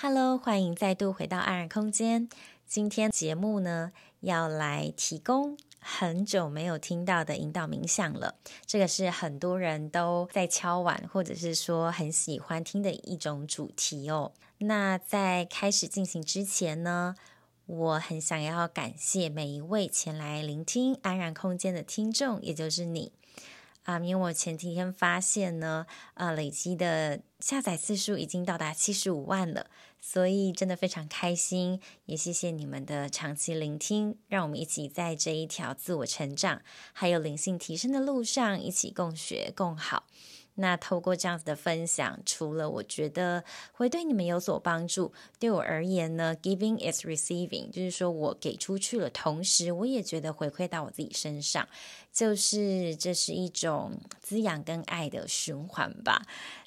Hello，歡迎再度回到安然空間。今天節目呢，要來提供很久沒有聽到的引導冥想了。這個是很多人都在敲碗，或者是說很喜歡聽的一種主題哦。那在開始進行之前呢，我很想要感謝每一位前來聆聽安然空間的聽眾，也就是你啊、嗯，因為我前幾天發現呢，啊、呃，累積的下載次數已經到達七十五萬了。所以真的非常開心，也謝謝你們的長期聆聽，讓我們一起在這一條自我成長還有靈性提升的路上一起共學共好。那透過這樣子的分享，除了我覺得會對你們有所幫助，對我而言呢，giving is receiving，就是說我給出去了，同時我也覺得回饋到我自己身上，就是這是一種滋養跟愛的循環吧。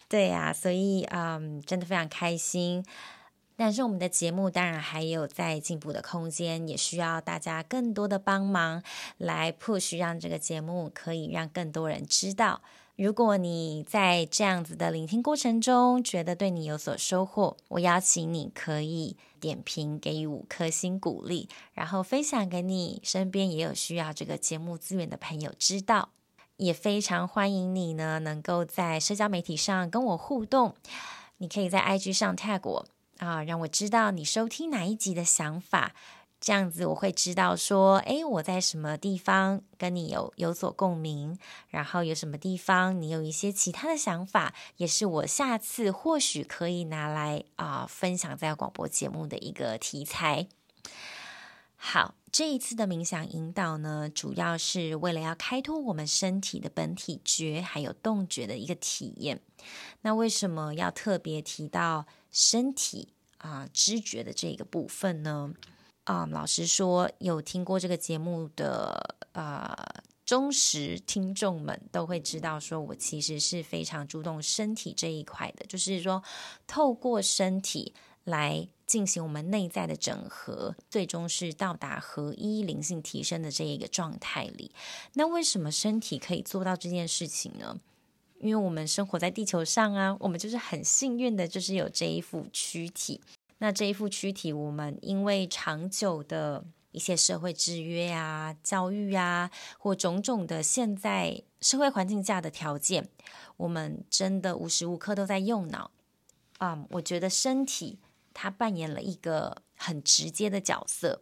對呀、啊，所以嗯，um, 真的非常開心。但是我們的節目當然還有在進步的空間，也需要大家更多的幫忙來 push，讓這個節目可以讓更多人知道。如果你在這樣子的聆聽過程中覺得對你有所收穫，我邀請你可以點評給予五顆星鼓勵，然後分享給你身邊也有需要這個節目資源的朋友知道。也非常歡迎你呢，能夠在社交媒體上跟我互動，你可以在 IG 上 tag 我。啊，讓我知道你收聽哪一集的想法，這樣子我會知道說，誒，我在什麼地方跟你有有所共鳴，然後有什麼地方你有一些其他的想法，也是我下次或許可以拿來啊、呃、分享在廣播節目的一個題材。好，這一次的冥想引導呢，主要是為了要開拓我們身體的本體覺還有動覺的一個體驗。那為什麼要特別提到？身體啊、呃，知覺的這個部分呢，啊、呃，老實說，有聽過這個節目的啊、呃，忠實聽眾們都會知道，說我其實是非常注重身體這一塊的，就是說，透過身體來進行我們內在的整合，最終是到達合一、靈性提升的這一個狀態裡。那為什麼身體可以做到這件事情呢？因為我們生活在地球上啊，我們就是很幸運的，就是有這一副軀體。那這一副軀體，我們因為長久的一些社會制約啊、教育啊，或種種的現在社會環境下的條件，我們真的無時無刻都在用腦。啊、um，我覺得身體它扮演了一個很直接的角色。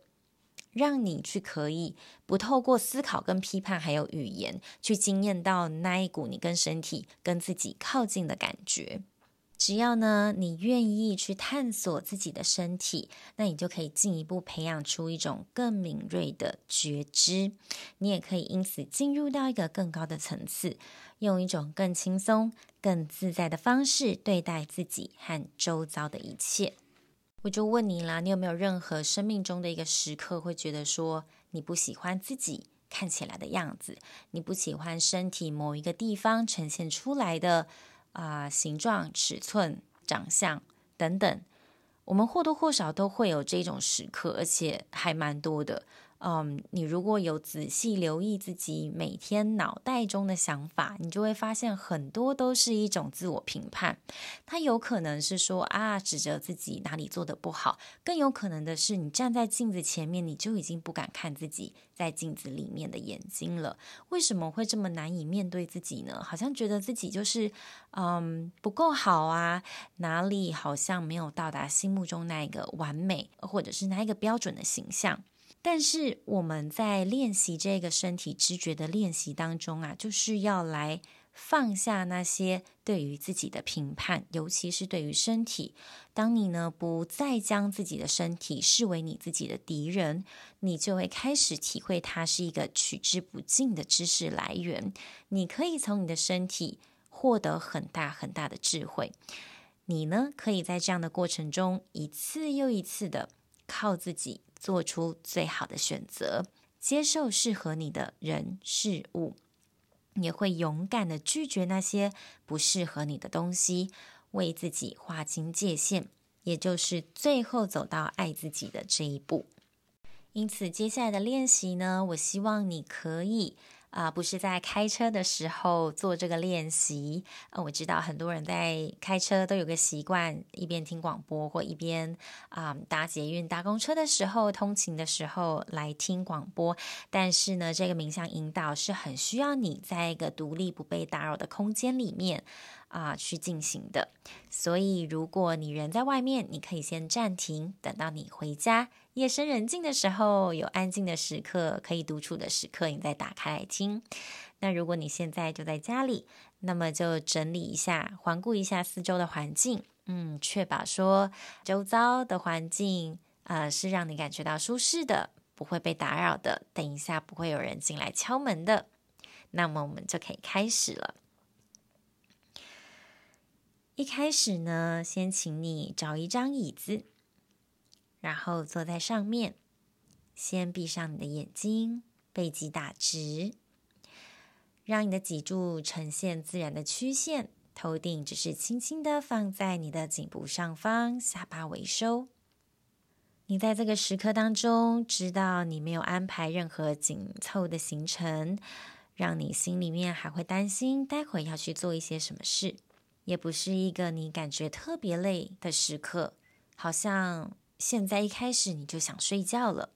讓你去可以不透過思考跟批判，還有語言，去經驗到那一股你跟身體、跟自己靠近的感覺。只要呢，你願意去探索自己的身體，那你就可以進一步培養出一種更敏銳的覺知。你也可以因此進入到一個更高的層次，用一種更輕鬆、更自在的方式對待自己和周遭的一切。我就問你啦，你有沒有任何生命中的一個時刻，會覺得說你不喜歡自己看起來的樣子，你不喜歡身體某一個地方呈現出來的啊、呃、形狀、尺寸、長相等等？我們或多或少都會有這種時刻，而且還蠻多的。嗯，um, 你如果有仔細留意自己每天腦袋中的想法，你就會發現很多都是一種自我評判。它有可能是說啊，指着自己哪裡做得不好；更有可能的是，你站在鏡子前面，你就已經不敢看自己在鏡子裡面的眼睛了。為什麼會這麼難以面對自己呢？好像覺得自己就是嗯不夠好啊，哪裡好像沒有到達心目中那一個完美，或者是那一個標準的形象。但是我們在練習這個身體知覺的練習當中啊，就是要來放下那些對於自己的評判，尤其是對於身體。當你呢不再將自己的身體視為你自己的敵人，你就會開始體會它是一個取之不盡的知識來源。你可以從你的身體獲得很大很大的智慧。你呢可以在這樣的過程中一次又一次的靠自己。做出最好的選擇，接受適合你的人事物，也會勇敢的拒絕那些不適合你的東西，為自己劃清界限，也就是最後走到愛自己的這一步。因此，接下來的練習呢，我希望你可以。啊、呃，不是在開車的時候做這個練習，呃。我知道很多人在開車都有個習慣，一邊聽廣播或一邊啊、呃、搭捷運、搭公車的時候，通勤的時候來聽廣播。但是呢，這個冥想引導是很需要你在一個獨立不被打擾的空間裡面啊、呃、去進行的。所以，如果你人在外面，你可以先暫停，等到你回家。夜深人靜的時候，有安靜的時刻，可以獨處的時刻，你再打開來聽。那如果你現在就在家裡，那麼就整理一下，環顧一下四周的環境，嗯，確保說周遭的環境啊、呃、是讓你感覺到舒適的，不會被打擾的，等一下不會有人進來敲門的。那麼我們就可以開始了。一開始呢，先請你找一張椅子。然後坐在上面，先閉上你的眼睛，背脊打直，讓你的脊柱呈現自然的曲線。頭頂只是輕輕的放在你的頸部上方，下巴微收。你在這個時刻當中，知道你沒有安排任何緊湊的行程，讓你心裡面還會擔心待會要去做一些什麼事，也不是一個你感覺特別累的時刻，好像。現在一開始你就想睡覺了。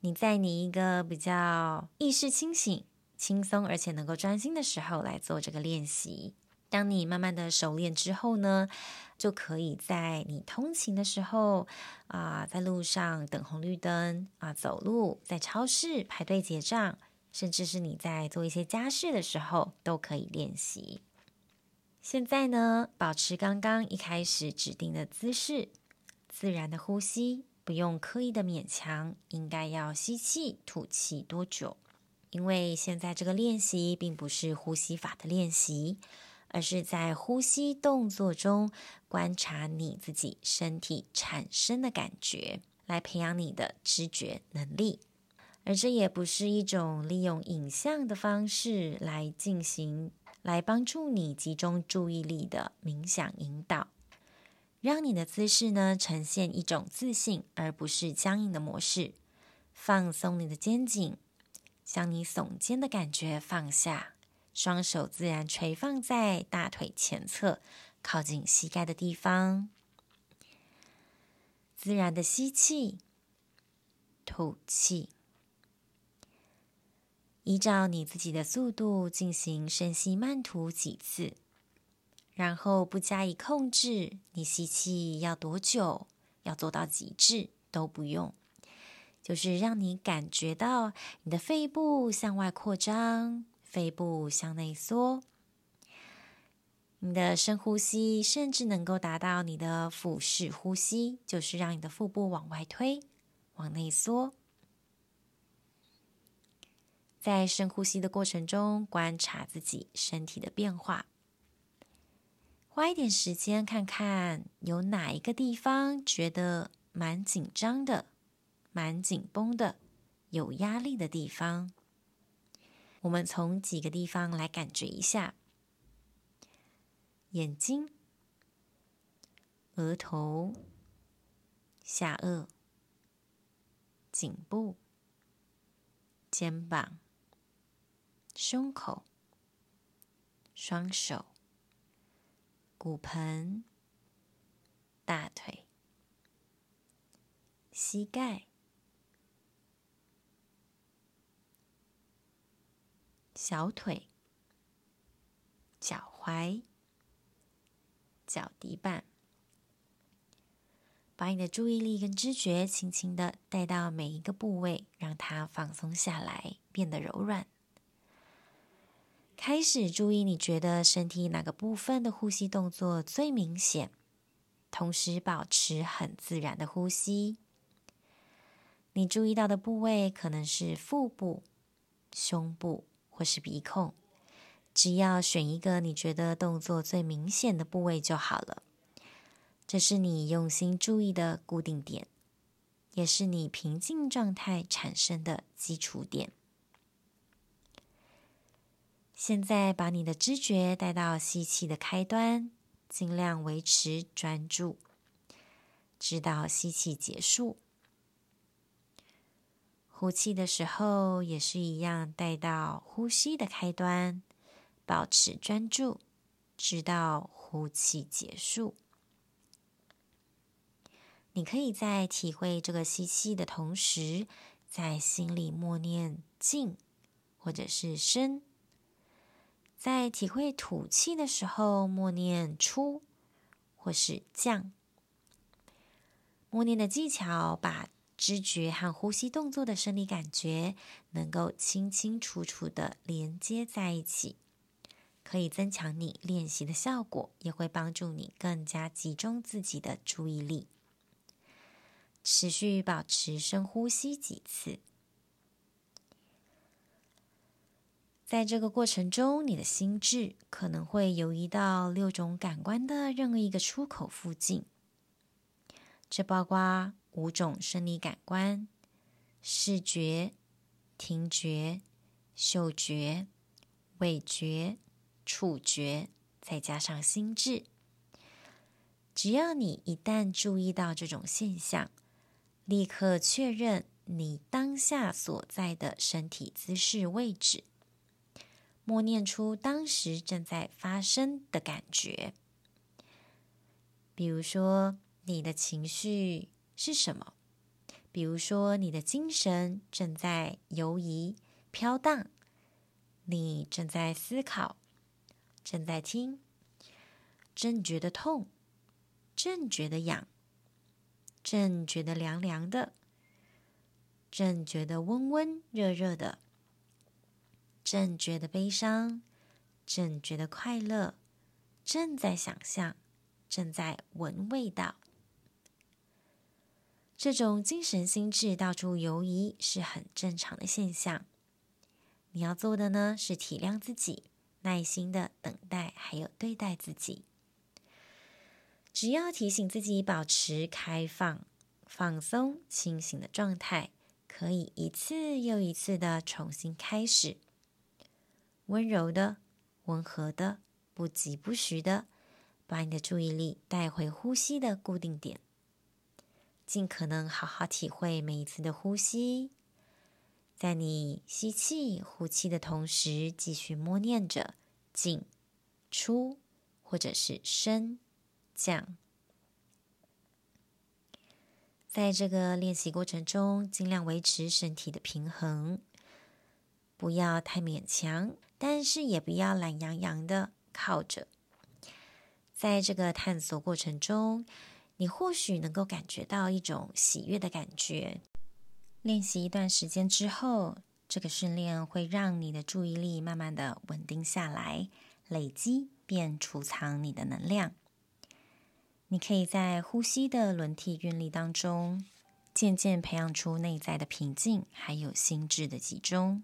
你在你一個比較意識清醒、輕鬆而且能夠專心的時候來做這個練習。當你慢慢的熟練之後呢，就可以在你通勤的時候啊、呃，在路上等紅綠燈啊、呃，走路，在超市排隊結賬，甚至是你在做一些家事的時候都可以練習。現在呢，保持剛剛一開始指定的姿勢。自然的呼吸，不用刻意的勉強。應該要吸氣、吐氣多久？因為現在這個練習並不是呼吸法的練習，而是在呼吸動作中觀察你自己身體產生的感覺，來培養你的知覺能力。而這也不是一種利用影像的方式來進行，來幫助你集中注意力的冥想引導。讓你的姿勢呢，呈現一種自信，而不是僵硬的模式，放鬆你的肩頸，將你聳肩的感覺放下，雙手自然垂放在大腿前側，靠近膝蓋的地方，自然的吸氣、吐氣，依照你自己的速度進行深吸慢吐幾次。然後不加以控制，你吸氣要多久，要做到極致都不用，就是讓你感覺到你的肺部向外擴張，肺部向內縮。你的深呼吸甚至能夠達到你的腹式呼吸，就是讓你的腹部往外推，往內縮。在深呼吸的過程中，觀察自己身體的變化。花一點時間看看，有哪一個地方覺得蠻緊張的、蠻緊繃的、有壓力的地方？我們從幾個地方來感覺一下：眼睛、額頭、下顎、頸部、肩膀、胸口、雙手。骨盆、大腿、膝蓋、小腿、腳踝、腳底板，把你的注意力跟知覺輕輕的帶到每一個部位，讓它放鬆下來，變得柔軟。開始注意，你覺得身體哪個部分的呼吸動作最明顯？同時保持很自然的呼吸。你注意到的部位可能是腹部、胸部或是鼻孔，只要選一個你覺得動作最明顯的部位就好了。這是你用心注意的固定點，也是你平靜狀態產生的基礎點。現在把你的知覺帶到吸氣的開端，盡量維持專注，直到吸氣結束。呼氣的時候也是一樣，帶到呼吸的開端，保持專注，直到呼氣結束。你可以在體會這個吸氣的同時，在心裡默念“靜”或者是“深”。在體會吐氣的時候，默念出或是降。默念的技巧，把知覺和呼吸動作的生理感覺能夠清清楚楚的連接在一起，可以增強你練習的效果，也會幫助你更加集中自己的注意力。持續保持深呼吸幾次。在這個過程中，你的心智可能會游移到六種感官的任何一個出口附近，這包括五種生理感官：視覺、聽覺、嗅覺、味覺、觸覺，再加上心智。只要你一旦注意到這種現象，立刻確認你當下所在的身體姿勢位置。默念出當時正在發生的感覺，比如說你的情緒是什麼？比如說你的精神正在游移、飄蕩，你正在思考，正在聽，正覺得痛，正覺得癢，正覺得涼涼的，正覺得溫溫熱熱的。正覺得悲傷，正覺得快樂，正在想象，正在聞味道。這種精神心智到處游移是很正常的現象。你要做的呢，是體諒自己，耐心的等待，還有對待自己。只要提醒自己保持開放、放鬆、清醒的狀態，可以一次又一次的重新開始。溫柔的、溫和的、不疾不徐的，把你的注意力帶回呼吸的固定點，盡可能好好體會每一次的呼吸。在你吸氣、呼氣的同時，繼續默念着“進、出”或者是“升、降”。在這個練習過程中，盡量維持身體的平衡，不要太勉強。但是也不要懶洋洋的靠着，在這個探索過程中，你或許能夠感覺到一種喜悅的感覺。練習一段時間之後，這個訓練會讓你的注意力慢慢的穩定下來，累積並儲藏你的能量。你可以在呼吸的輪替韻律當中，漸漸培養出內在的平靜，還有心智的集中。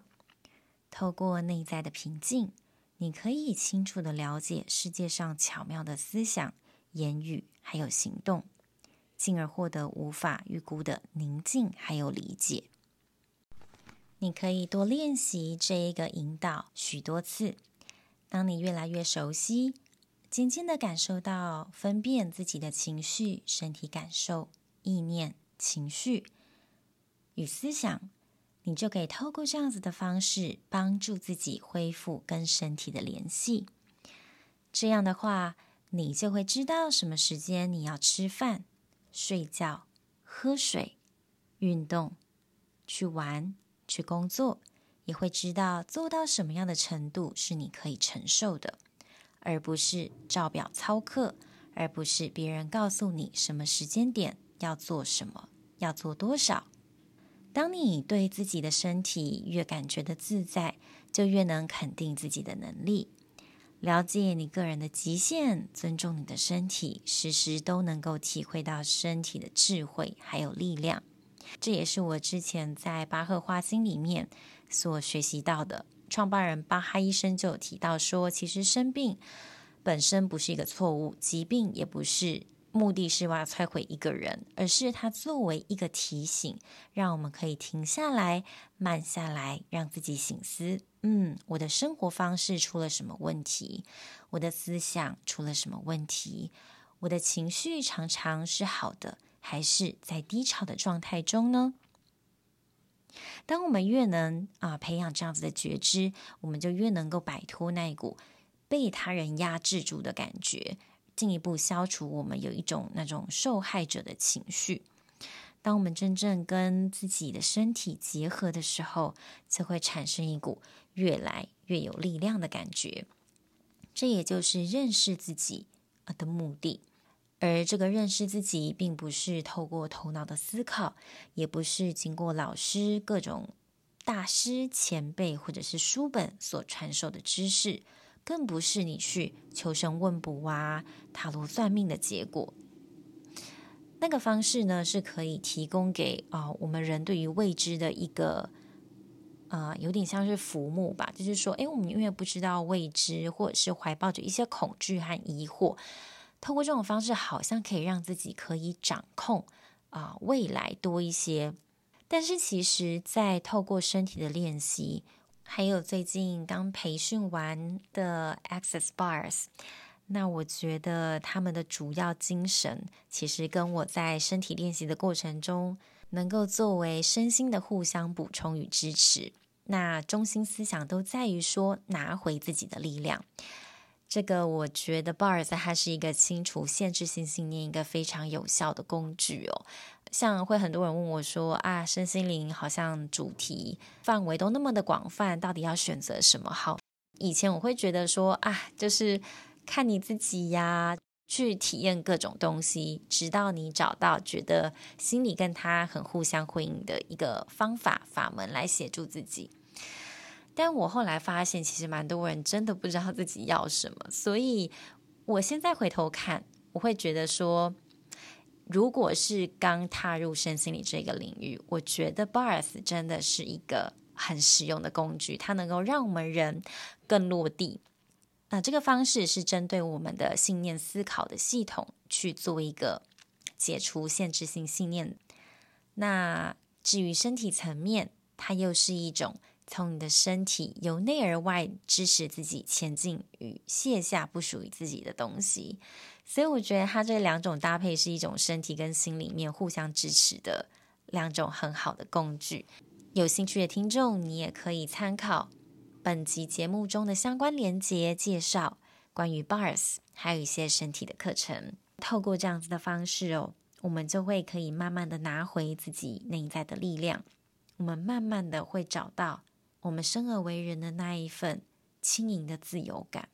透過內在的平靜，你可以清楚地了解世界上巧妙的思想、言語還有行動，進而獲得無法預估的寧靜還有理解。你可以多練習這一個引導許多次，當你越來越熟悉，漸漸地感受到分辨自己的情緒、身體感受、意念、情緒與思想。你就可以透過這樣子的方式，幫助自己恢復跟身體的聯繫。這樣的話，你就會知道什麼時間你要吃飯、睡覺、喝水、運動、去玩、去工作，也會知道做到什麼樣的程度是你可以承受的，而不是照表操課，而不是別人告訴你什麼時間點要做什麼，要做多少。當你對自己的身體越感覺的自在，就越能肯定自己的能力，了解你個人的極限，尊重你的身體，時時都能夠體會到身體的智慧還有力量。這也是我之前在巴赫花精裡面所學習到的。創辦人巴哈醫生就提到說，其實生病本身不是一個錯誤，疾病也不是。目的是我要摧毀一個人，而是它作為一個提醒，讓我們可以停下來、慢下來，讓自己省思。嗯，我的生活方式出了什麼問題？我的思想出了什麼問題？我的情緒常常是好的，還是在低潮的狀態中呢？當我們越能啊培養這樣子的覺知，我們就越能夠擺脫那一股被他人壓制住的感覺。進一步消除我們有一種那種受害者的情緒。當我們真正跟自己的身體結合的時候，就會產生一股越來越有力量的感覺。這也就是認識自己的目的。而這個認識自己，並不是透過頭腦的思考，也不是經過老師、各種大師、前輩或者是書本所傳授的知識。更不是你去求神問卜啊、塔羅算命的結果。那個方式呢，是可以提供給啊、呃、我們人對於未知的一個啊、呃、有點像是浮木吧，就是說，哎，我們因為不知道未知，或者是懷抱着一些恐懼和疑惑，透過這種方式，好像可以讓自己可以掌控啊、呃、未來多一些。但是其實，在透過身體的練習。還有最近剛培訓完的 Access Bars，那我覺得他們的主要精神，其實跟我在身體練習的過程中，能夠作為身心的互相補充與支持。那中心思想都在於說拿回自己的力量。這個我覺得，BARS 它是一個清除限制性信念一個非常有效的工具哦。像會很多人問我說啊，身心靈好像主題範圍都那麼的廣泛，到底要選擇什麼好？以前我會覺得說啊，就是看你自己呀，去體驗各種東西，直到你找到覺得心裡跟他很互相呼應的一個方法法門來協助自己。但我後來發現，其實蠻多人真的不知道自己要什麼，所以我現在回頭看，我會覺得說，如果是剛踏入身心靈這個領域，我覺得 BARS 真的是一個很實用的工具，它能夠讓我們人更落地。啊，這個方式是針對我們的信念思考的系統去做一個解除限制性信念。那至於身體層面，它又是一種。從你的身體由內而外支持自己前進與卸下不屬於自己的東西，所以我覺得它這兩種搭配是一種身體跟心裡面互相支持的兩種很好的工具。有興趣的聽眾，你也可以參考本集節目中的相關連接介紹關於 bars 還有一些身體的課程。透過這樣子的方式哦，我們就會可以慢慢的拿回自己內在的力量，我們慢慢的會找到。我們生而為人的那一份輕盈的自由感，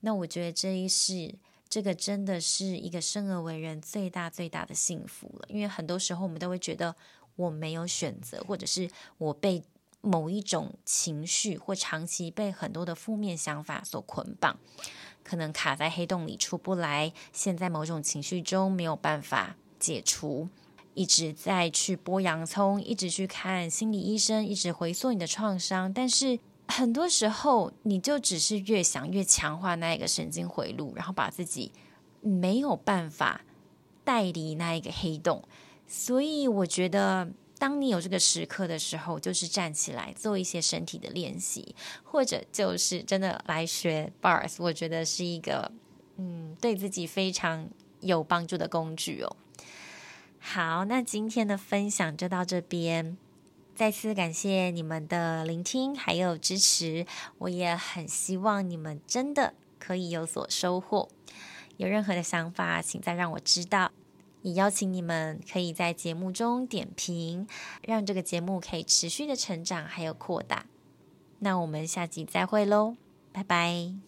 那我覺得這一世這個真的是一個生而為人最大最大的幸福了。因為很多時候我們都會覺得我沒有選擇，或者是我被某一種情緒或長期被很多的負面想法所捆綁，可能卡在黑洞裡出不來，陷在某種情緒中沒有辦法解除。一直在去剝洋蔥，一直去看心理醫生，一直回溯你的創傷，但是很多時候你就只是越想越強化那一個神經回路，然後把自己沒有辦法帶離那一個黑洞。所以我覺得，當你有這個時刻的時候，就是站起來做一些身體的練習，或者就是真的來學 bars，我覺得是一個嗯對自己非常有幫助的工具哦。好，那今天的分享就到這邊。再次感謝你們的聆聽還有支持，我也很希望你們真的可以有所收穫。有任何的想法，請再讓我知道。也邀請你們可以在節目中點評，讓這個節目可以持續的成長還有擴大。那我們下集再會嘍，拜拜。